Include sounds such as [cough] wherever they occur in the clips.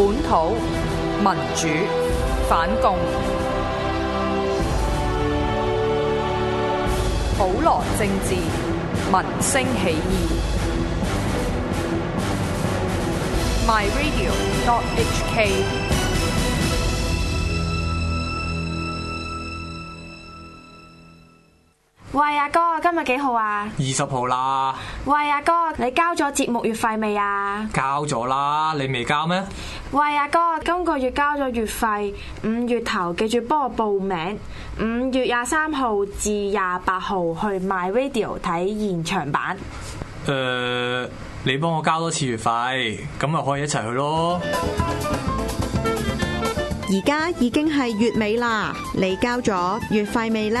本土民主反共，普羅政治民生起義。MyRadio.HK。喂，阿哥，今日幾號啊？二十號啦。喂，阿哥，你交咗節目月費未啊？交咗啦，你未交咩？喂，阿哥，今個月交咗月費，五月頭記住幫我報名，五月廿三號至廿八號去 MyRadio 睇現場版。誒、呃，你幫我交多次月費，咁咪可以一齊去咯。而家已經係月尾啦，你交咗月費未呢？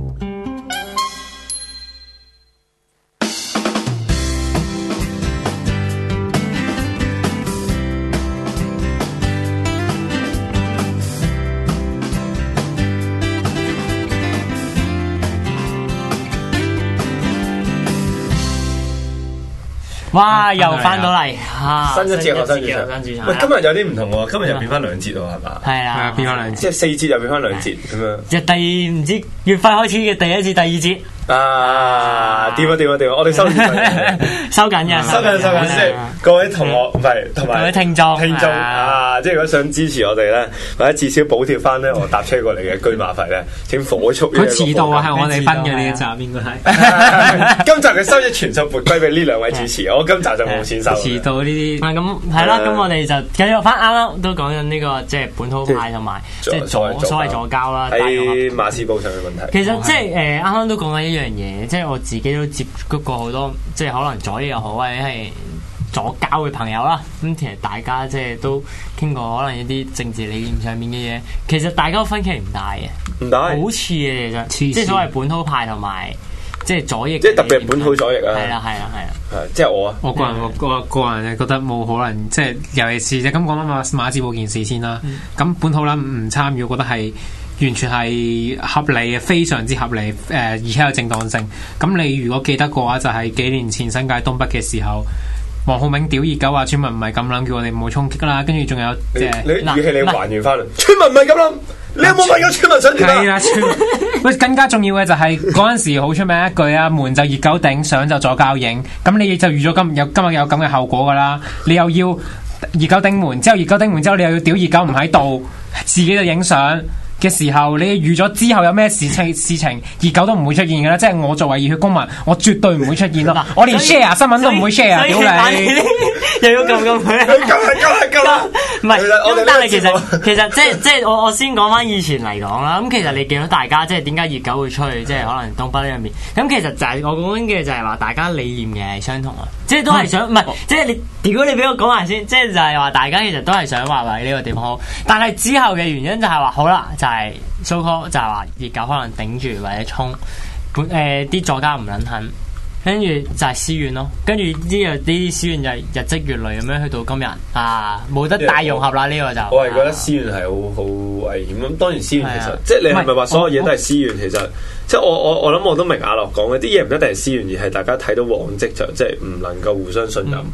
哇！啊、又返到嚟。啊新一節學生主場，今日有啲唔同喎，今日又變翻兩節喎，係嘛？係啊，變翻兩即係四節又變翻兩節咁樣。就第唔知月份開始嘅第一節、第二節啊！掂啊掂啊掂啊！我哋收收緊收緊收緊先。各位同學唔係同埋各位聽眾聽眾啊！即係如果想支持我哋咧，或者至少補貼翻咧我搭車過嚟嘅車馬費咧，請火速。佢遲到啊，係我哋分嘅呢個集。應該係。今集嘅收益全數撥歸俾呢兩位主持，我今集就冇錢收。到唔咁，係啦，咁我哋就繼續翻啱啱都講緊呢個即係本土派同埋即係所謂左膠啦，喺馬屎埔上嘅問題。其實即係誒啱啱都講緊一樣嘢，即係我自己都接觸過好多，即係可能左又好或者係左膠嘅朋友啦。咁其實大家即係都傾過可能一啲政治理念上面嘅嘢，其實大家分歧唔大嘅，唔大，好似嘅其實，即係所謂本土派同埋。即係左翼，即係特別本土左翼啊！係啊，係啊，係啦！啦啦即係我啊！我個人，我個個人覺得冇可能，即係尤其是就咁講啦嘛。馬志保件事先啦，咁、嗯、本土啦唔參與，我覺得係完全係合理嘅，非常之合理誒、呃，而且有正當性。咁你如果記得嘅話，就係、是、幾年前新界東北嘅時候，黃浩銘屌熱狗話村民唔係咁諗，叫我哋唔好衝擊啦。跟住仲有，即係你，你語氣你還原翻嚟，南南村民唔係咁諗。 [music] 你有冇問過村民上嚟？係啦，喂， [music] 更加重要嘅就係嗰陣時好出名一句啊，門就熱狗頂，相就左膠影。咁你就預咗今有今日有咁嘅後果噶啦。你又要熱狗頂門，之後熱狗頂門之後，你又要屌熱狗唔喺度，自己就影相。嘅時候，你預咗之後有咩事情事情熱狗都唔會出現嘅啦，即係我作為熱血公民，我絕對唔會出現咯，我連 share 以新聞都唔會 share，演又要咁咁佢，夠啦夠啦夠啦，唔係，但係其實其實，其實即係即係我我先講返以前嚟講啦，咁其實你見到大家即係點解熱狗會出去，即係可能東北呢一面，咁其實就係我講緊嘅就係話大家理念嘅係相同啊，即係都係想，唔係即係你，如果你俾我講埋先，即係就係話大家其實都係想話為呢個地方好，但係之後嘅原因就係、是、話好啦係蘇科就係話熱狗可能頂住或者衝，本誒啲作家唔捻肯，跟住就係私怨咯，跟住呢個啲私怨就係日積月累咁樣去到今日啊，冇得大融合啦呢是個就。我係覺得私怨係好好危險咁，當然私怨其實對、啊、即係你係咪話所有嘢都係私怨？我 其實即係我我我諗我，我都明阿樂講嘅啲嘢唔一定係私怨，而係大家睇到往跡就即係唔能夠互相信任。嗯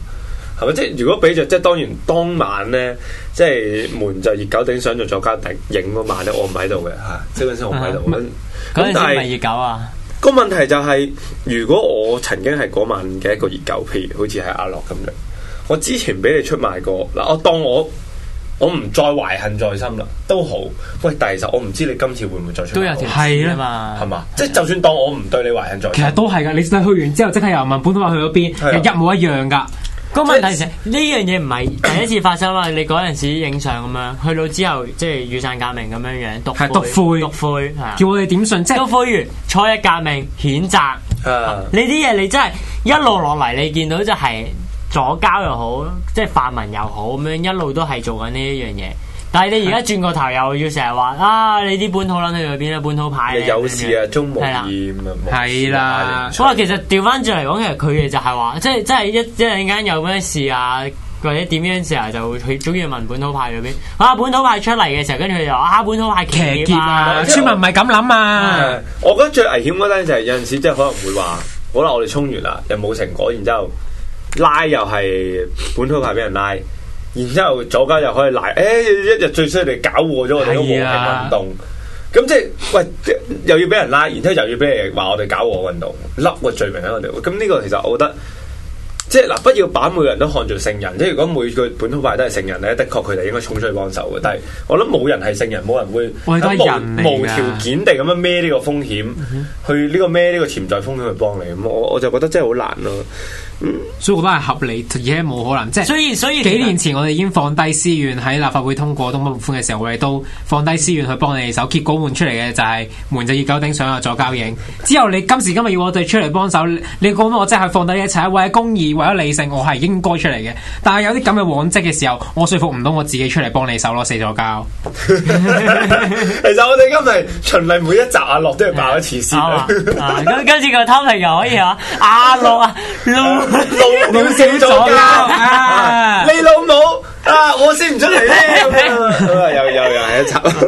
係咪即係如果俾著即係當然當晚咧，即係門就熱狗頂上做作家頂影晚咧，我唔喺度嘅吓，即本身我唔喺度。咁但係唔係熱狗啊。個問題就係，如果我曾經係嗰晚嘅一個熱狗，譬如好似係阿樂咁樣，我之前俾你出賣過嗱，我當我我唔再懷恨在心啦，都好。喂，但係其實我唔知你今次會唔會再出。都有條線啊嘛，係嘛？即係就算當我唔對你懷恨在心，其實都係噶。你去完之後，即係又問本土話去咗邊，一模一樣噶。嗰問題就係呢 [coughs] 樣嘢唔係第一次發生啦，你嗰陣時影相咁樣，去到之後即係、就是、雨傘革命咁樣樣，篤係篤灰，篤灰，叫我哋點信？即篤灰完初一革命，譴責，uh, 你啲嘢你真係一路落嚟，你見到就係左膠又好，即、就、係、是、泛民又好，咁樣一路都係做緊呢一樣嘢。但係你而家轉個頭又要成日話啊！你啲本土捻去到邊啊？本土派有事啊，中無二咁是的 啊！係啦是的、啊，所以、啊、是的 其實調翻轉嚟講，其實佢哋就係話，即係即係一一陣間有咩事啊，或者點樣事啊，就會去中意問本土派嗰邊。啊，本土派出嚟嘅時候，跟住就話啊，本土派騎劫啊！村民唔係咁諗啊！我，嗯、我覺得最危險嗰單就係有陣時即係可能唔會話，好啦，我哋衝完啦又冇成果，然之後拉又係本土派俾人拉。 [laughs] [laughs] 然之後左家又可以賴，誒一日最衰嚟搞禍我咗我哋嘅運動，咁是、啊、即係喂又要俾人拉，然之後又要俾人話我哋搞和運動，笠個 [laughs] 罪名喺我哋，咁呢個其實我覺得即係嗱，不要把每個人都看做聖人，即係如果每個本土派都係聖人咧，的確佢哋應該衝出去幫手嘅，但係我諗冇人係聖人，冇人會人人、啊、無無條件地咁樣孭呢個風險、嗯、哼 去呢個孭呢個潛在風險去幫你，咁我我就覺得真係好難咯。所以我覺得係合理，而且冇可能。即係所以，所以幾年前我哋已經放低私怨喺立法會通過東北撥款嘅時候，我哋都放低私怨去幫你手。結果換出嚟嘅就係門就要九鼎上啊左膠影。之後你今時今日要我哋出嚟幫手，你講我真係放低一切，為咗公義，為咗理性，我係應該出嚟嘅。但係有啲咁嘅往績嘅時候，我說服唔到我自己出嚟幫你手咯，死左膠。 [laughs] 其實我哋今日循例每一集阿樂都係爆一次先。咁跟住個 topic 又可以啊，阿樂啊，啊啊啊啊啊啊 [laughs] 老鳥笑左噶，啊， [laughs] 你老母啊！我笑唔出嚟咧，都係又又又係一集。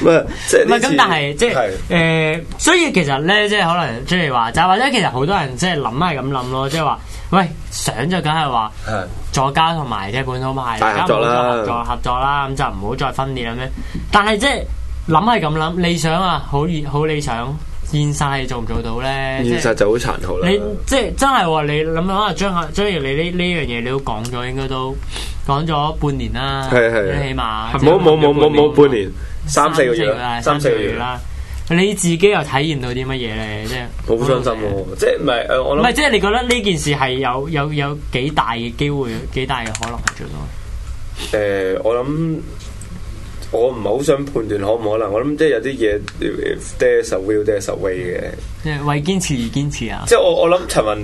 唔係咁，但係即係誒，所以其實咧，即係可能即係話，就或者其實好多人即係諗係咁諗咯，即係話，喂，想就梗係話左膠同埋即係本土派大家合作合作啦，咁就唔好再分裂啦咩？但係即係諗係咁諗，理想啊，好好理想，想。現實係做唔做到咧？現實就好殘酷啦。你即係真係話你諗諗啊，張啊張翼，你呢呢樣嘢你都講咗，應該都講咗半年啦。係係，起碼冇冇冇冇冇半年，三四個月啦，三四個月啦。你自己又體驗到啲乜嘢咧？即係好傷心咯，即係唔係我唔係即係你覺得呢件事係有有有幾大嘅機會，幾大嘅可能係做到？誒，我諗。我唔係好想判斷可唔可能，我諗即係有啲嘢，there’s a will there’s a way 嘅。即係為堅持而堅持啊！即係我我諗陳雲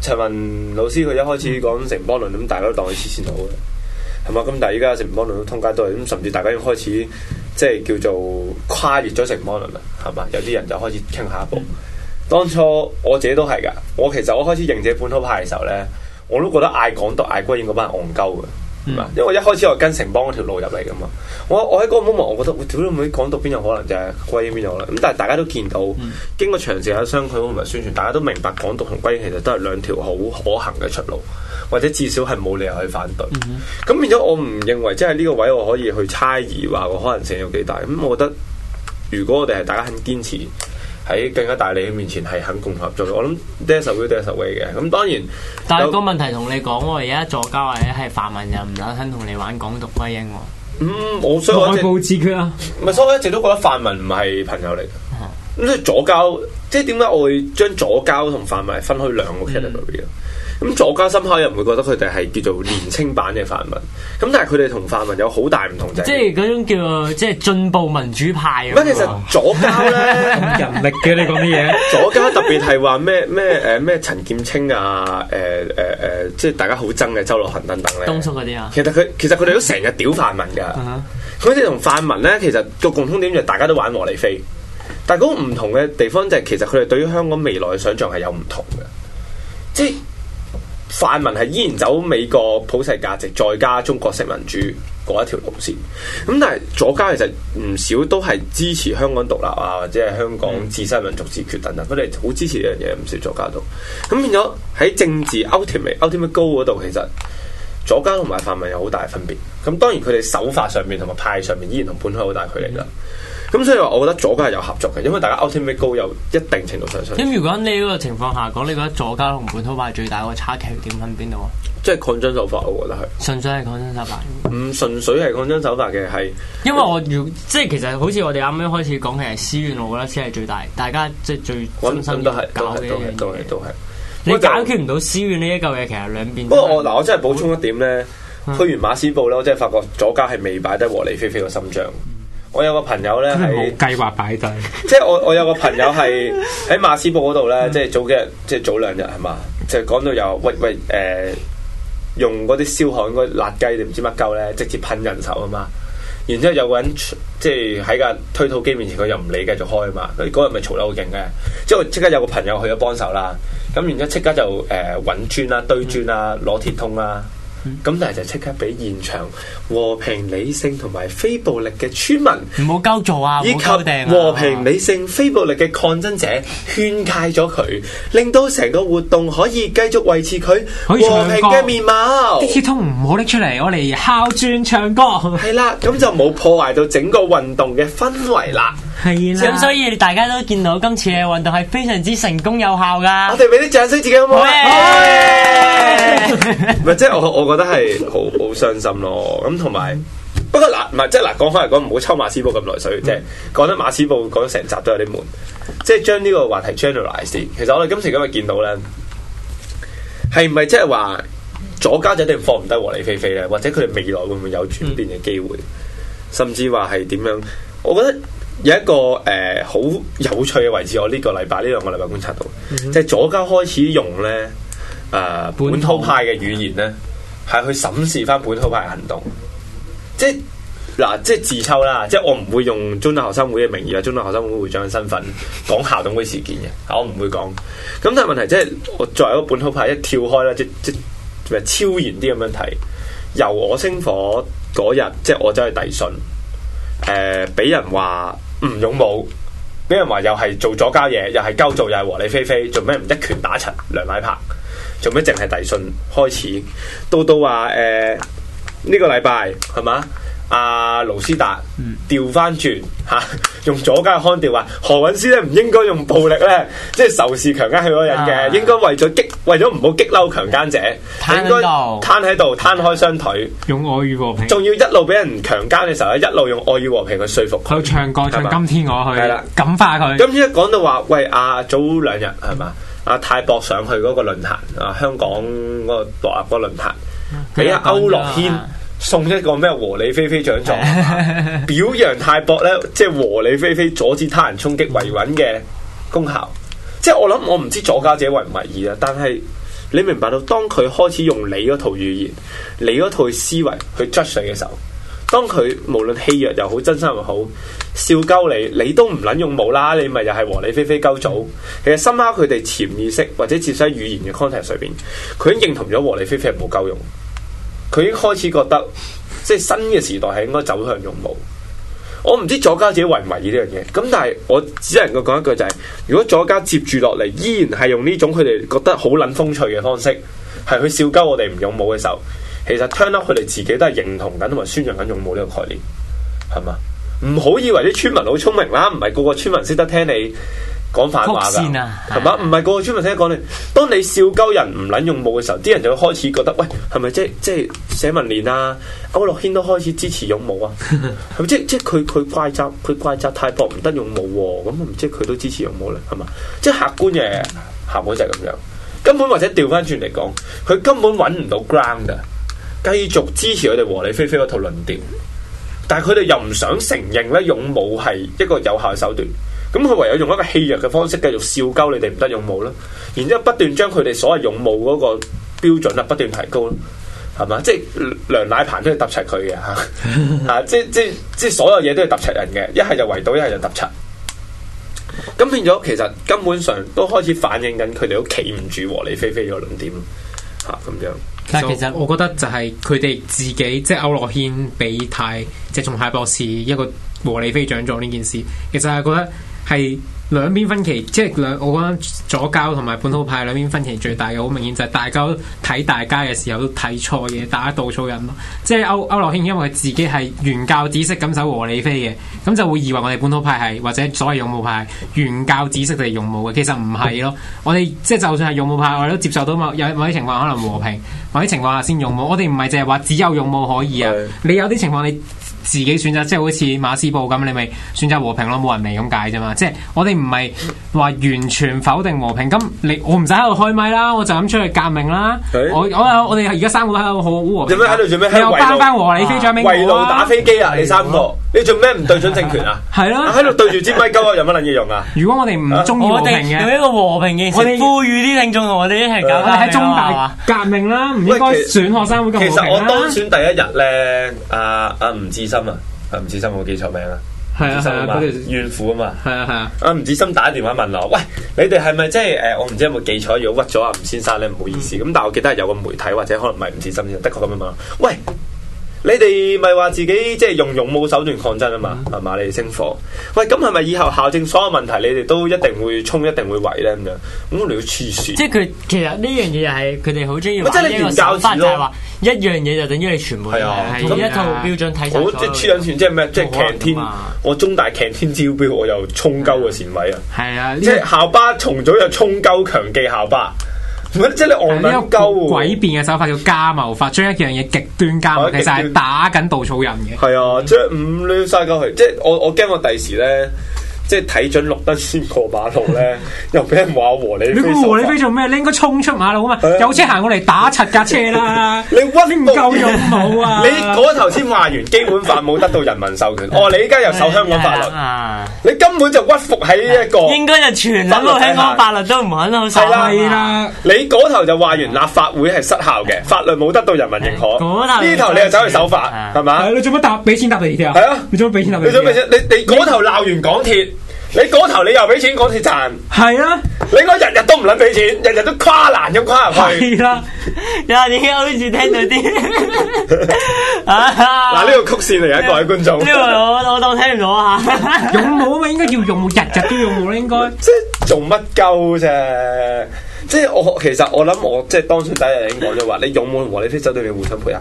陳雲老師佢一開始講城邦論咁，大家都當佢黐線佬嘅，係嘛？咁但係而家城邦論都通街都係，咁甚至大家已經開始即係叫做跨越咗城邦論啦，係嘛？有啲人就開始傾下一步。當初我自己都係㗎，我其實我開始認識本土派嘅時候咧，我都覺得嗌港獨、嗌歸英嗰班戇鳩㗎。因為一開始我跟城邦嗰條路入嚟噶嘛，我我喺嗰個 moment，我覺得會點會港獨邊有可能就係歸英邊有啦。咁但係大家都見到，經過長時間商榷同埋宣傳，大家都明白港獨同歸英其實都係兩條好可行嘅出路，或者至少係冇理由去反對。咁變咗我唔認為，即係呢個位我可以去猜疑話個可能性有幾大。咁我覺得，如果我哋係大家肯堅持。喺更加大利嘅面前係肯共合作，我諗 this will 嘅。咁當然，但係個問題同你講喎，而家左膠或者係泛民又唔想肯同你玩港獨歸英喎。嗯，所我，我、啊、所以我一直都覺得泛民唔係朋友嚟嘅。咁即係左膠，即係點解我會將左膠同泛民分開兩個 category 啊、嗯？咁左膠深口又唔會覺得佢哋係叫做年青版嘅泛民，咁但係佢哋同泛民有好大唔同啫。即係嗰種叫即係進步民主派。其實左膠咧， [laughs] 人力嘅你講啲嘢， [laughs] 左膠特別係話咩咩誒咩陳劍青啊誒誒誒，即係大家好憎嘅周樂恆等等咧。東叔啲啊其，其實佢其實佢哋都成日屌泛民噶，佢哋同泛民咧，其實個共通點就大家都玩和理非，但係嗰個唔同嘅地方就係其實佢哋對於香港未來嘅想像係有唔同嘅，即係。泛民係依然走美國普世價值，再加中國式民主嗰一條路線。咁但係左家其實唔少都係支持香港獨立啊，或者係香港自身民族自決等等。佢哋好支持呢樣嘢，唔少左家都。咁變咗喺政治 ultimate ultimate goal 嗰度，其實左家同埋泛民有好大分別。咁當然佢哋手法上面同埋派上面，依然同本土好大距離啦。咁所以話，我覺得左家係有合作嘅，因為大家 ultimate goal 有一定程度上上。咁如果你嗰個情況下講，你覺得左家同本土派最大個差距點喺邊度啊？即係抗爭手法，我覺得係純粹係抗爭手法。唔純粹係抗爭手法嘅係因為我如，即係其實好似我哋啱啱開始講嘅係私怨，我覺得先係最大。大家即係最本身都係搞嘅嘢，都係你解決唔到私怨呢一嚿嘢，其實兩邊。不過我嗱，我真係補充一點咧，去完馬斯布咧，我真係發覺左家係未擺得和理非非個心象。我有個朋友咧係計劃擺低， [laughs] 即係我我有個朋友係喺馬屎埔嗰度咧， [laughs] 即係早幾日，即係早兩日係嘛，就講到有喂喂誒、呃，用嗰啲燒焊嗰辣雞定唔知乜鳩咧，直接噴人手啊嘛，然之後有個人即係喺架推土機面前，佢又唔理，繼續開啊嘛，嗰日咪嘈得好勁嘅，即係我即刻有個朋友去咗幫手啦，咁然之後即刻就誒搵磚啦、堆磚啦、攞鐵通啦。咁但係就即刻俾現場和平理性同埋非暴力嘅村民唔好交做啊，以及和平理性、啊、非暴力嘅抗爭者勸誡咗佢，令到成個活動可以繼續維持佢和平嘅面貌。啲鐵通唔好拎出嚟，我嚟敲磚唱歌。係 [laughs] [laughs] [laughs] 啦，咁就冇破壞到整個運動嘅氛圍啦。係啦，咁所以大家都見到今次嘅運動係非常之成功有效噶。我哋俾啲掌聲自己好唔好？唔係，即係我我覺得係好好傷心咯。咁同埋，不過嗱，唔係即係嗱，講翻嚟講，唔好抽馬屎埔咁耐水，即係講得馬屎埔講成集都有啲悶。即係將呢個話題 generalize 先。其實我哋今次今日見到咧，係唔係即係話左家仔一定放唔低和理非非咧？或者佢哋未來會唔會有轉變嘅機會？甚至話係點樣？我覺得。有一個誒好、呃、有趣嘅位置，我呢個禮拜呢兩個禮拜觀察到，嗯、哼即係左膠開始用咧誒、呃、本土派嘅語言咧，係、嗯、去審視翻本土派嘅行動。即係嗱、啊，即係自抽啦，即係我唔會用中大學生會嘅名義啊，中大學生會會長嘅身份講校董會事件嘅，我唔會講。咁但係問題即、就、係、是、我作為一個本土派，一跳開啦，即即係超然啲咁樣睇。由我星火嗰日，即係我走去遞信，誒、呃、俾人話。唔勇武，畀人話又係做咗交嘢，又係鳩做，又係和理非非，做咩唔一拳打殘梁禮柏？做咩淨係遞信開始？到到話誒，呢、呃這個禮拜係嘛？阿盧、啊、斯達調翻轉吓，用左膠論調話何韻詩咧唔應該用暴力咧，即、就、係、是、仇視強奸佢嗰人嘅，應該為咗激為咗唔好激嬲強奸者，攤喺度攤開雙腿，用愛與和平，仲要一路俾人強奸嘅時候咧，一路用愛與和平去說服佢，唱歌唱今天我去，係啦，感化佢。咁一講到話，喂阿早兩日係嘛，阿泰博上去嗰個論壇，啊香港嗰個博啊個論壇，俾阿歐樂軒。啊嗯啊嗯啊嗯啊送一個咩和理非非獎狀，表揚太薄呢，即係和理非非阻止他人衝擊維穩嘅功效。即係我諗我唔知左家姐為唔為意啦，但係你明白到，當佢開始用你嗰套語言、你嗰套思維去 judge 你嘅時候，當佢無論欺弱又好、真心又好笑鳩你，你都唔捻用冇啦，你咪又係和理非非鳩組。其實深挖佢哋潛意識或者接收語言嘅 context 上邊，佢已經認同咗和理非非係冇夠用。佢已經開始覺得，即係新嘅時代係應該走向勇武。我唔知左家自己為唔為意呢樣嘢，咁但係我只能夠講一句就係：如果左家接住落嚟，依然係用呢種佢哋覺得好撚風趣嘅方式，係去笑鳩我哋唔勇武嘅時候，其實 turn up 佢哋自己都係認同緊同埋宣揚緊勇武呢個概念，係嘛？唔好以為啲村民好聰明啦，唔係個個村民識得聽你。講反話噶，係嘛？唔係個個村民聽講你。當你笑鳩人唔撚用武嘅時候，啲人就會開始覺得，喂，係咪即係即係寫文練啊？歐樂軒都開始支持勇武啊？係咪 [laughs] 即係、啊、即係佢佢怪責佢怪責太搏唔得用武咁，即係佢都支持勇武啦，係嘛？即係客觀嘅效果就係咁樣，根本或者調翻轉嚟講，佢根本搵唔到 ground 嘅，繼續支持佢哋和理非非嗰套論調，但係佢哋又唔想承認咧，勇武係一個有效手段。咁佢唯有用一個戲謔嘅方式，繼續笑鳩你哋唔得勇武啦，然之後不斷將佢哋所謂勇武嗰個標準啦，不斷提高啦，係嘛？即係梁奶盤都要揼柒佢嘅吓，即係即係即係所有嘢都係揼柒人嘅，一係就圍堵，一係就揼柒。咁變咗，其實根本上都開始反映緊佢哋都企唔住和理非非嗰兩點吓咁樣。啊、樣但係其實我覺得就係佢哋自己，即係歐樂軒俾太即從蟹博士一個和理非獎狀呢件事，其實係覺得。係兩邊分歧，即係兩我覺得左膠同埋本土派兩邊分歧最大嘅好明顯就係大家睇大家嘅時候都睇錯嘢，打稻草人咯。即係歐歐樂興，因為佢自己係原教旨式咁走和理非嘅，咁就會以為我哋本土派係或者所謂勇武派原教旨式就係勇武嘅，其實唔係咯。我哋即係就算係勇武派，我哋都接受到嘛。有某啲情況可能和平，某啲情況下先勇武。我哋唔係淨係話只有勇武可以啊。是的 你有啲情況你。自己選擇，即係好似馬斯布咁，你咪選擇和平咯，冇人嚟咁解啫嘛。即係我哋唔係話完全否定和平，咁你我唔使喺度開咪啦，我就咁出去革命啦嗎。我我哋而家三個喺度好和平。做咩喺度做咩？你又翻翻和理非將兵？貴打飛機啊！你三個，啊、你做咩唔對準政權啊？係咯，喺度對住支咪鳩啊，有乜撚嘢用啊？如果我哋唔中意和平嘅，一個和平嘅，我哋呼籲啲聽眾同我哋一齊搞翻喺中大革命啦、啊，唔應該選學生會咁、啊、其，其實我當選第一日咧，阿阿吳志深。啊啊啊啊啊啊啊心啊，吳志森，冇記錯名啊，係啊係啊，那個、怨婦啊嘛，係啊係啊，阿吳志森打電話問我，喂，你哋係咪即係誒，我唔知有冇記錯咗屈咗阿吳先生咧，唔好意思，咁、嗯、但係我記得係有個媒體或者可能唔係吳志森，嗯、的確咁樣問，喂。你哋咪話自己即係用勇武手段抗爭啊嘛，啊馬來星火。喂，咁係咪以後校政所有問題，你哋都一定會衝，一定會圍咧咁樣？咁我哋要黐線。即係佢其實呢樣嘢係佢哋好中意即呢你方法，就係話一樣嘢就等於你全部係咁一套標準睇。好，即係黐緊線，即係咩？即係 canteen。我中大 canteen 招標，我又衝鳩個前位啊！係啊，即係校巴重組又衝鳩強技校巴。即係你戇鳩、啊，啊這個、詭辯嘅手法叫加謀法，將一樣嘢極端加謀，其實係打緊稻草人嘅。係啊，嗯、即係五亂晒鳩去。即係我我驚我第時咧。即係睇準綠燈先過馬路咧，又俾人話和你飛。你估和你飛做咩？你應該衝出馬路啊嘛！有車行過嚟打七架車啦！你屈唔夠用冇啊！你嗰頭先話完基本法冇得到人民授權，哦，你依家又受香港法律。你根本就屈服喺呢一個。應該就全等到香港法律都唔允許。係啦。你嗰頭就話完立法會係失效嘅，法律冇得到人民認可。呢頭你又走去守法，係咪？你做乜搭俾錢搭地鐵啊？係啊！你做乜俾錢搭地鐵？你你你嗰頭鬧完港鐵。你嗰頭你又俾錢，港鐵賺係啊。你我日日都唔捻俾錢，日日都跨欄咁跨入去係啦。你點解好似聽到啲嗱，呢個曲線嚟，一各位觀眾，呢個我我當聽唔到啊。 [laughs] 勇武咪應該要用，日日都要勇武，武應該即係做乜鳩啫？即係我其實我諗我即係當初第一日已經講咗話，你勇武和你啲相對，你互相配合。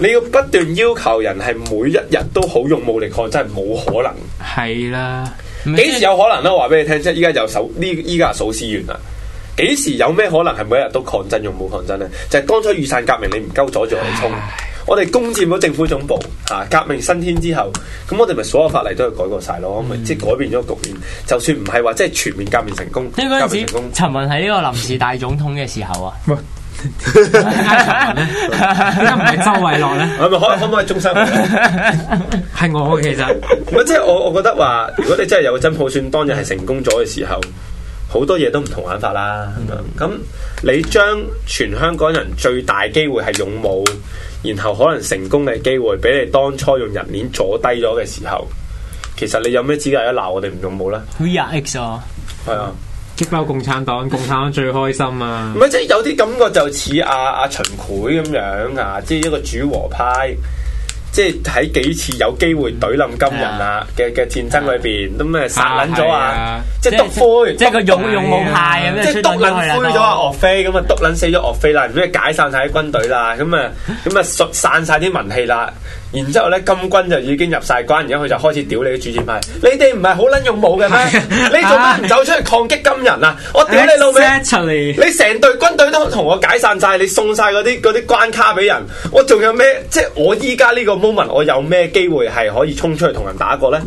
你要不斷要求人係每一日都好勇武力抗，真係冇可能係啦。幾時有可能咧？我話俾你聽，即係依家就數呢，依家係數資源啦。幾時有咩可能係每一日都抗爭用冇抗爭咧？就係、是、當初雨傘革命，你唔夠阻住我哋衝，唉 我哋攻占咗政府總部，吓革命新天之後，咁我哋咪所有法例都要改過晒咯，咪即係改變咗局面。就算唔係話即係全面革命成功，即係嗰陣時陳雲喺呢個臨時大總統嘅時候啊。 [laughs] 點家長呢？點解唔係周衛樂呢？係咪可可唔可以中山？係我其實，即係我我覺得話，如果你真係有個真普選，當日係成功咗嘅時候，好多嘢都唔同玩法啦。咁、 [laughs] 嗯、你將全香港人最大機會係勇武，然後可能成功嘅機會，俾你當初用人面阻低咗嘅時候，其實你有咩資格一鬧我哋唔用武咧？V [laughs] X 啊，係啊。konuş 激翻共產黨，共產黨最開心啊！唔係，即係有啲感覺就似阿阿秦檜咁樣啊，即係一個主和派，即係喺幾次有機會懟冧金人啊嘅嘅戰爭裏邊，咁咪殺捻咗啊！即係督灰，即係個勇勇武派，即係督捻灰咗阿岳飛，咁啊督捻死咗岳飛啦，咁啊解散晒啲軍隊啦，咁啊咁啊散晒啲民氣啦。然之後咧，金軍就已經入晒關，然後佢就開始屌你嘅主戰派。你哋唔係好撚勇武嘅咩？ [laughs] 你做乜唔走出去抗擊金人啊？ [laughs] 我屌你老味，Exactly. 你成隊軍隊都同我解散晒，你送晒嗰啲嗰啲關卡俾人。我仲有咩？即係我依家呢個 moment，我有咩機會係可以衝出去同人打過呢？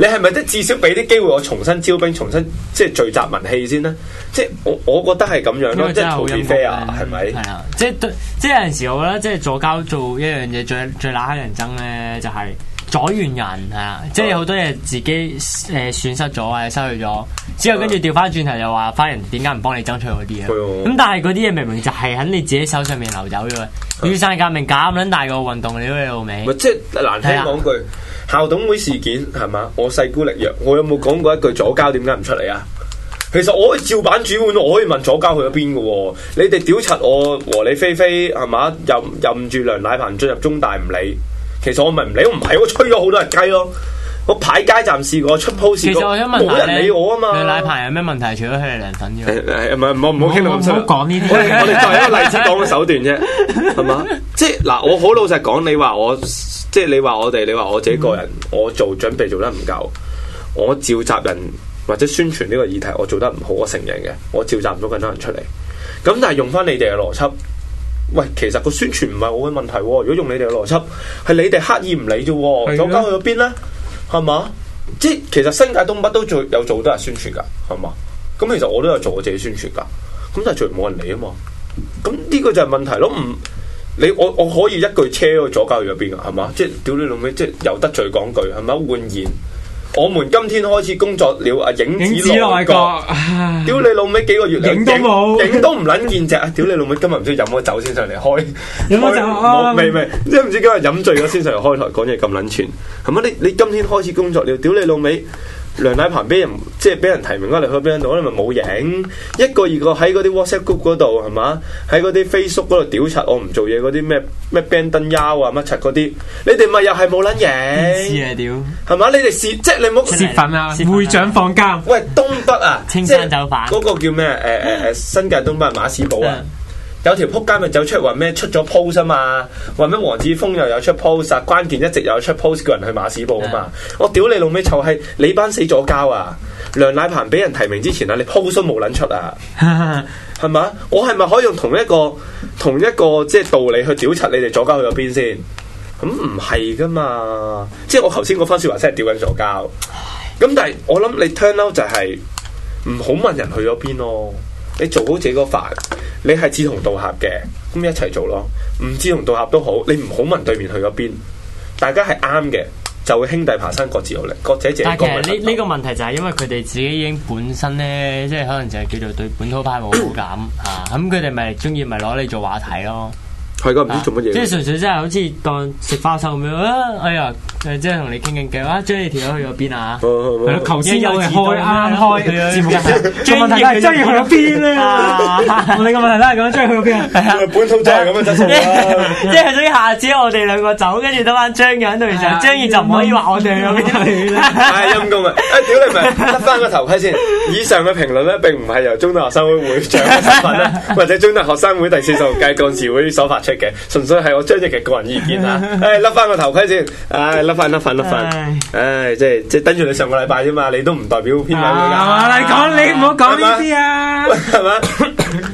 你係咪都至少俾啲機會我重新招兵，重新即係聚集民氣先呢？即係我我覺得係咁樣咯，即係好避飛啊，係咪？係啊，即係即係有陣時，我覺得、啊、即係左膠做一樣嘢最最揦閪人憎咧，就係阻怨人係啊！即係好、就是、多嘢自己誒損失咗啊，失去咗之後，跟住調翻轉頭又話翻人點解唔幫你爭取嗰啲啊？咁但係嗰啲嘢明明就係喺你自己手上面流走咗。雨傘、啊、革，革命咁撚大個運動你，你都未？咪即係難聽講句。校董會事件係嘛？我勢孤力弱，我有冇講過一句左膠？點解唔出嚟啊？其實我可以照板煮碗，我可以問左膠去咗邊噶？你哋屌柒我，和理非非係嘛？任任住梁乃鵬進入中大唔理，其實我咪唔理，我唔係我吹咗好多日雞咯。我排街站試過，出鋪試過，冇人理我啊嘛你！你拉牌有咩問題？除咗佢哋嚟等唔係，唔好唔好傾到咁深。唔好講呢啲，我哋就一個例子講嘅 [laughs] 手段啫，係嘛？ [laughs] 即係嗱，我好老實講，你話我，即係你話我哋，你話我自己個人， [noise] 我做準備做得唔夠， [noise] [noise] 我召集人或者宣傳呢個議題，我做得唔好，我承認嘅，我召集唔到咁多人出嚟。咁但係用翻你哋嘅邏輯，喂，其實個宣傳唔係我嘅問題。如果用你哋嘅邏輯，係你哋刻意唔理啫。獎交去咗邊呢？係嘛？即係其實新界東北都做有做得係宣傳噶，係嘛？咁其實我都有做我自己宣傳噶，咁但係最冇人理啊嘛。咁呢個就係問題咯。唔，你我我可以一句車去左膠入邊噶，係嘛？即係屌你老味，即係又得罪講句，係咪啊？換言。我們今天開始工作了，阿、啊、影子老哥，屌你老味幾個月影都冇，影都唔捻見隻，屌你老味今日唔知飲咗酒先上嚟開，飲咗酒啊，未未，即係唔知今日飲醉咗先上嚟開台講嘢咁捻串，係咪 [laughs] 你你今天開始工作了，屌你老味。梁奶旁邊人即係俾人提名啦，你去邊度？可能咪冇影，一個二個喺嗰啲 WhatsApp group 嗰度係嘛？喺嗰啲 Facebook 嗰度屌柒我唔做嘢嗰啲咩咩 bandung 腰啊乜柒嗰啲，你哋咪又係冇撚影？屌是，是，是，來是啊，屌係嘛？你哋蝕即係你冇好蝕粉啊！會長放監喂東北啊，青 [laughs] 山走犯嗰個叫咩？誒誒誒，新界東北馬屎埔啊！嗯有條撲街咪走出嚟話咩出咗 post 啊嘛？話咩黃子峰又有出 post 啊？關鍵一直有出 post 個人去馬屎布啊嘛？Yeah. 我屌你老尾臭閪，你班死左膠啊！梁乃鵬俾人提名之前啊，你 post 都冇捻出啊？係嘛？ [laughs] 我係咪可以用同一個同一個即係道理去屌柒你哋左膠去咗邊先？咁唔係噶嘛？即係我頭先嗰番話說話真係屌緊左膠。咁 [laughs] 但係我諗你 turn out 就係唔好問人去咗邊咯。你做好自己個飯，你係志同道合嘅，咁一齊做咯。唔志同道合都好，你唔好問對面去咗邊。大家係啱嘅，就會兄弟爬山各自努力，各自。但係呢呢個問題就係因為佢哋自己已經本身呢，即係可能就係叫做對本土派冇好感嚇，咁佢哋咪中意咪攞你做話題咯。佢噶，唔知做乜嘢。即係純粹真係好似當食花生咁樣啊！哎呀，誒，即係同你傾傾偈啦。張翼條友去咗邊啊？係咯，頭先又開啱開，節目嘅問題都係張翼去咗邊啊？你個問題都係咁樣，張翼去咗邊啊？本土真係咁樣執錯啦，即係所以下次我哋兩個走，跟住得翻，張翼喺度就，張翼就唔可以話我哋去咗邊啦。係陰公啊！誒，屌你咪執翻個頭盔先。以上嘅評論咧，並唔係由中大學生會會長嘅身份咧，或者中大學生會第四十六屆幹事會所發出。嘅，純粹係我張翼嘅個人意見啊。誒，笠翻個頭盔先。唉，笠翻，笠翻，笠翻。誒，即係即係等住你上個禮拜啫嘛，你都唔代表編委會噶。你講你唔好講呢啲啊，係嘛？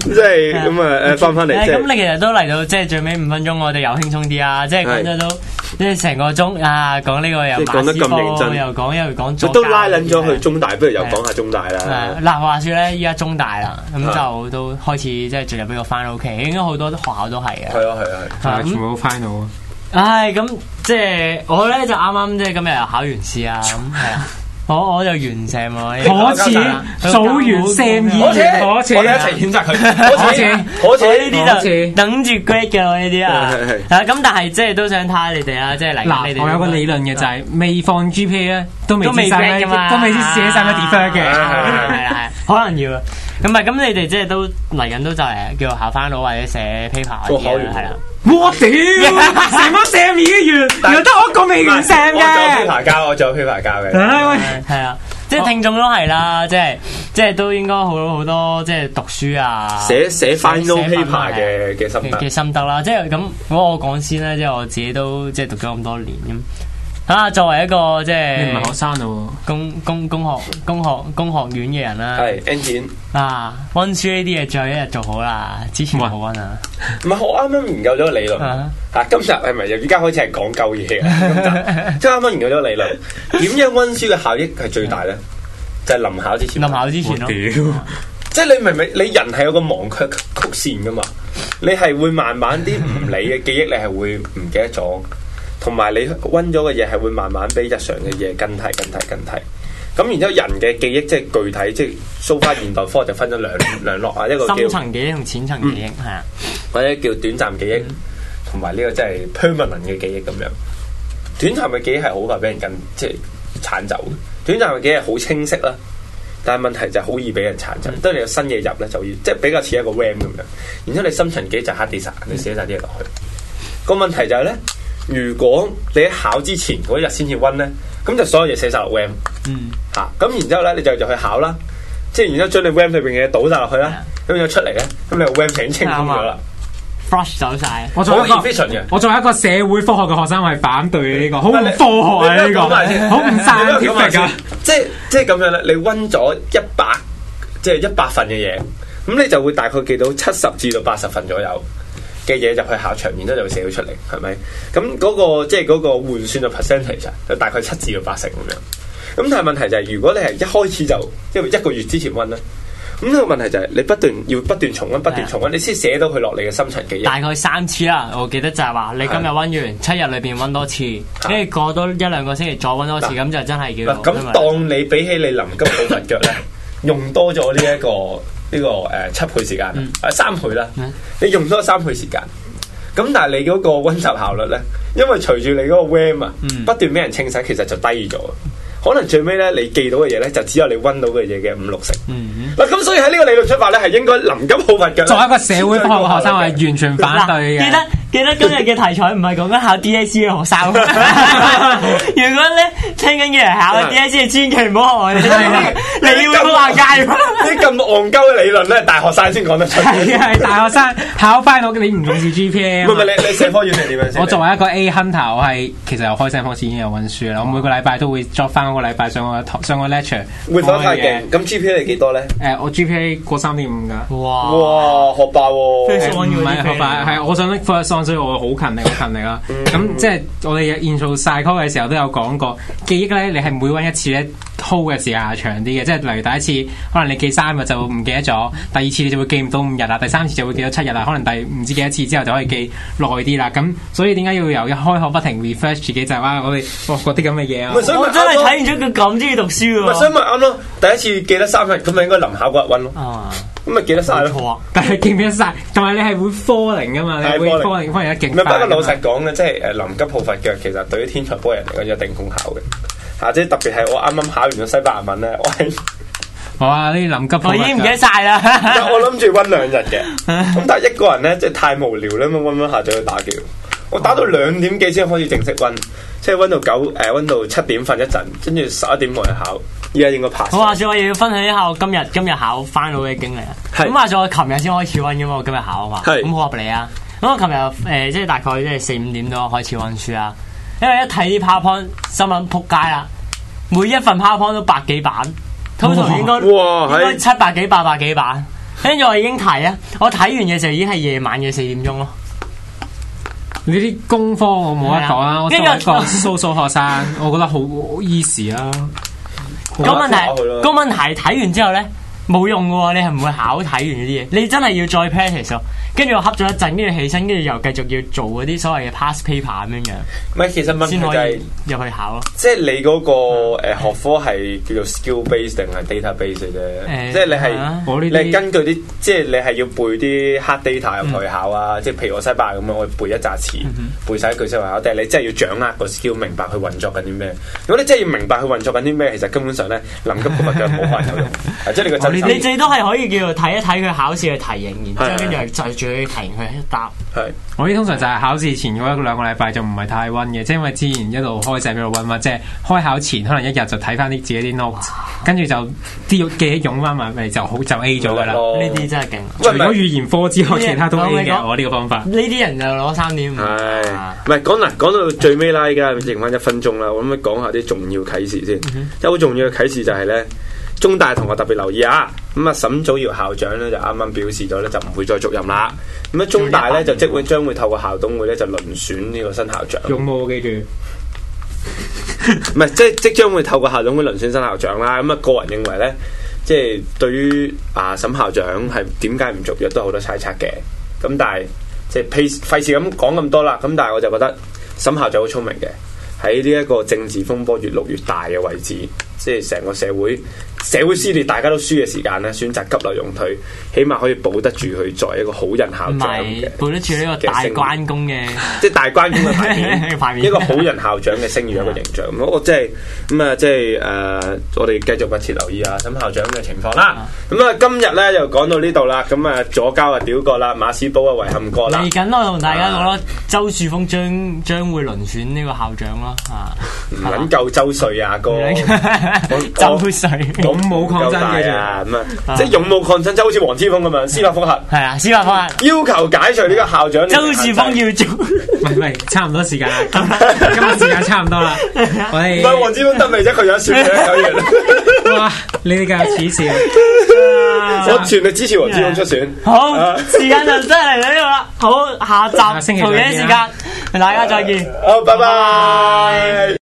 即係咁啊，誒，翻翻嚟。咁你其實都嚟到即係最尾五分鐘，我哋又輕鬆啲啊！即係講咗都。即係成個鐘啊，講呢個又，講得咁認真，又講又講中大，佢都拉撚咗去中大，不如又講下中大啦。嗱，話說咧，依家中大啦，咁就都開始即係進入呢個 final 期，應該好多學校都係嘅。係啊係啊係，全部都 final。唉，咁即係我咧就啱啱即係今日又考完試啊，咁係啊。我我就完成我，好似數完三二，我我一齊譴責佢，我我呢啲就等住 get r 嘅呢啲啦。咁但係即係都想睇下你哋啊，即係嚟。嗱，我有個理論嘅就係未放 GP 咧，都都未寫噶都未寫晒啲 defer 嘅係係可能要咁咪咁你哋即係都嚟緊都就係叫做下翻佬或者寫 paper 啲。係啦。我屌，成班寫完，又得 [laughs] 我一個未完成嘅。我仲有 paper 交，我仲有 paper 交嘅。係啊、uh, [laughs] 即係聽眾都係啦，即係即係都應該好好多即係讀書啊，寫寫翻啲 paper 嘅嘅心得嘅心得啦。即係咁，我我講先啦，即係我自己都即係讀咗咁多年咁。啊！作為一個即係，文學生咯，工工工學工學工學院嘅人啦，係 engine 啊，温書呢啲嘢最後一日做好啦，之前唔好温啊，唔係我啱啱研究咗個理論吓，今日係咪由依家開始係講舊嘢啊？即係啱啱研究咗理論，點樣温書嘅效益係最大咧？就係臨考之前，臨考之前咯，即係你明唔明？你人係有個忘卻曲線噶嘛？你係會慢慢啲唔理嘅記憶，你係會唔記得咗。同埋你溫咗嘅嘢係會慢慢比日常嘅嘢更替更替更替，咁然之後人嘅記憶即係具體，即係 so far 現代科學就分咗兩兩落啊， [coughs] 個一個叫深層記憶同淺層記憶係啊，或者叫短暫記憶同埋呢個即係 permanent 嘅記憶咁樣。短暫嘅記憶係好快俾人更，即係鏟走嘅，短暫嘅記憶好清晰啦，但係問題就好易俾人鏟走，當你有新嘢入咧就要即係比較似一個 RAM 咁樣，然之後你深層記憶就 Hard Disk，你寫晒啲嘢落去。個問題就係咧。如果你喺考之前嗰日先至温咧，咁就所有嘢寫晒落 RAM，吓咁然之後咧你就入去考啦，即係然之後將你 RAM 裏邊嘅嘢倒晒落去啦，咁就出嚟咧，咁你 RAM 片清空咗啦，flush 走晒。我做一個，我做一個社會科學嘅學生係反對呢個，好科學啊呢個，好唔曬。即係即係咁樣啦，你温咗一百，即係一百份嘅嘢，咁你就會大概記到七十至到八十份左右。嘅嘢入去考場，然之後就寫到出嚟，係咪？咁嗰、嗰個即係嗰個換算嘅 percentage 就大概七至到八成咁樣。咁但係問題就係、係，如果你係一開始就因為、就是、一個月之前温啦，咁呢個問題就係你不斷要不斷重温、不斷重温，你先寫到佢落嚟嘅深層記憶。 [noise] 大概三次啦，我記得就係話你今日温完的七日裏邊温多次，跟住的過多一兩個星期再温多次，咁 [noise] 就真係叫。咁當你比起你臨急抱佛腳，用多咗呢一個。呢、這個誒、呃、七倍時間，誒、嗯、三倍啦，嗯、你用多三倍時間，咁但係你嗰個溫習效率咧，因為隨住你嗰個 RAM 啊，嗯、不斷俾人清洗，其實就低咗，可能最尾咧，你記到嘅嘢咧，就只有你溫到嘅嘢嘅五六成。嗱、嗯，咁、嗯、所以喺呢個理論出發咧，係應該臨急好核嘅。作為一個社會科學學生，我係完全反對嘅。 [laughs] 記得今日嘅題材唔係講緊考 D A C 嘅學生。如果咧聽緊嘅人考 D A C，千祈唔好學你，你撩金話街。你咁戇鳩嘅理論咧，大學生先講得出。係大學生考翻到你唔重視 G P A。唔係你，你社科院係點樣？我作為一個 A hunter，我係其實開聲方式已經有温書啦。我每個禮拜都會作翻嗰個禮拜上個上個 lecture。會翻太咁 G P A 係幾多咧？誒，我 G P A 過三點五㗎。哇哇，學霸喎，學霸我想拎所以我好勤力，好勤力啦。咁即係我哋完成曬考嘅時候都有講過記憶咧，你係每温一次咧 hold 嘅時間長啲嘅。即係例如第一次可能你記三日就唔記得咗，第二次你就會記唔到五日啦，第三次就會記得七日啦。可能第唔知幾多次之後就可以記耐啲啦。咁所以點解要由一開學不停 refresh 自己就係話我哋學嗰啲咁嘅嘢啊？我真係睇完咗佢咁中意讀書喎。咪、啊、所以咪啱咯，第一次記得三日，咁咪應該臨考嗰日温咯。啊咁咪記得晒？唔錯啊！但係記唔記得晒？同埋你係會 falling 噶嘛？是你會 falling，falling。唔係，不過老實講嘅，即係誒臨急抱佛腳，其實對於天才波人嚟講一定功效嘅。嚇！即係特別係我啱啱考完咗西班牙文咧，我係我啲臨急，佛腳我已經唔記得晒啦。 [laughs] 我諗住温兩日嘅，咁 [laughs] 但係一個人咧，即係太無聊啦，咁温温下就去打機。我打到兩點幾先開始正式温，即係温到九誒，温到七點瞓一陣，跟住十一點半去考。好，下次我要分享一下我今日今日考翻佬嘅經歷啊。咁話住我琴日先開始温嘅嘛，我今日考啊嘛。咁好合理啊。咁我琴日誒，即係大概即係四五點到開始温書啊。因為一睇啲 powerpoint 心諗扑街啦，每一份 powerpoint 都百幾版，通常應該應該七百幾八百幾版。跟住我已經提啊，我睇完嘅時候已經係夜晚嘅四點鐘咯。呢啲功課我冇得講啊，我作為一個蘇蘇學生，我覺得好 easy 啊。個問題，個問題睇完之後咧冇用嘅喎。哦，你係唔會考睇完嗰啲嘢，你真係要再 plan 其實。跟住我恰咗一陣，跟住起身，跟住又繼續要做嗰啲所謂嘅 past paper 咁樣樣。唔係，其實先可以入去考咯。即係你嗰個誒學科係叫做 skill base 定係 database 嘅啫。即係你係你根據啲，即係你係要背啲 hard data 入去考啊。即係譬如我西班牙咁樣，我背一紮詞，背晒一句即係話。但係你真係要掌握個 skill，明白佢運作緊啲咩？如果你真係要明白佢運作緊啲咩，其實根本上咧，臨急抱佛腳冇法有用。即係你個你最多係可以叫做睇一睇佢考試嘅題型，然之後跟住就。佢停佢喺度答。係是我啲通常就係考試前嗰，就是、一兩個禮拜就唔係太溫嘅，即係因為之前一路開濟一路溫嘛，即係開考前可能一日就睇翻啲自己啲 note，s 跟住就啲要記一涌翻埋，咪就好就 A 咗噶啦。呢啲真係勁，除咗語言科之外，喂其，他其他都 A 嘅。哦、我呢個方法呢啲人就攞三點。係唔係？講嗱，講到最尾啦，而家剩翻一分鐘啦，我諗講下啲重要啟示先。即係好重要嘅啟示就係、是、咧，中大同學特別留意啊！咁啊、嗯，沈祖堯校長咧就啱啱表示咗咧就唔會再續任啦。咁、嗯、啊，中大咧就即會將會透過校董會咧就輪選呢個新校長。記住，唔 [laughs] 係即係即將會透過校董會輪選新校長啦。咁啊、嗯，個人認為咧，即係對於啊沈校長係點解唔續約都係好多猜測嘅。咁但係即係費事咁講咁多啦。咁但係我就覺得沈校長好聰明嘅，喺呢一個政治風波越落越大嘅位置。即係成個社會，社會撕裂，大家都輸嘅時間咧，選擇急流勇退，起碼可以保得住佢作為一個好人校長嘅，保得住呢個大關公嘅格， [laughs] 即係大關公嘅牌面， [laughs] 排面一個好人校長嘅聲譽，一個形象。咁 [laughs] 我即係咁啊，即係誒，我哋繼續密切留意啊，沈校長嘅情況啦。咁 [laughs] 啊，今日咧就講到呢度啦。咁啊，左膠啊，屌過啦，馬斯寶啊，遺憾過啦。嚟緊我同大家講， [laughs] 周樹峰將將會輪選呢個校長咯。吓，唔穩夠周歲啊，哥。就去世，咁冇抗爭嘅，咁啊，即係勇武抗爭，即係好似黃之鋒咁啊，司法複核係啊，司法複核要求解除呢個校長周志鋒要做，喂，喂，差唔多時間，今日時間差唔多啦，喂，我哋唔係黃之鋒得未啫，佢有選嘅，有嘢，你哋夠恥笑，我全力支持黃之鋒出選，好，時間就真係嚟到呢度啦，好，下集星期六嘅時間，大家再見，好，拜拜。